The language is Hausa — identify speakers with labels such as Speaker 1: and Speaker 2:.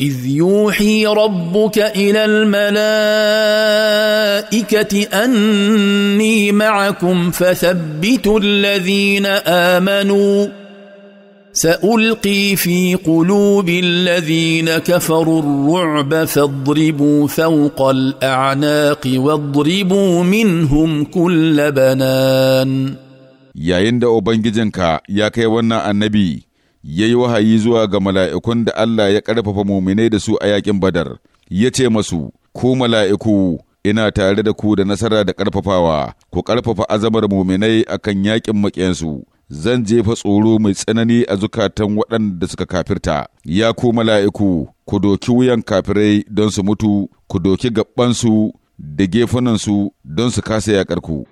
Speaker 1: إذ يوحي ربك إلى الملائكة أني معكم فثبتوا الذين آمنوا سألقي في قلوب الذين كفروا الرعب فاضربوا فوق الأعناق واضربوا منهم كل بنان.
Speaker 2: يا إند أوبنجيجنكا يا كي ونا النبي ya yi wahayi zuwa ga mala'ikun da Allah ya ƙarfafa muminai da su a yaƙin Badar, ya ce masu, Ku mala'iku, ina tare da ku da nasara da ƙarfafawa, ku ƙarfafa azamar muminai a kan yaƙin maƙiyansu. Zan jefa tsoro mai tsanani a zukatan waɗanda suka kafirta, ya ku mala'iku, ku doki wuyan kafirai don su mutu, ku doki gaɓansu da gefunansu
Speaker 3: don su kasa yaƙarku.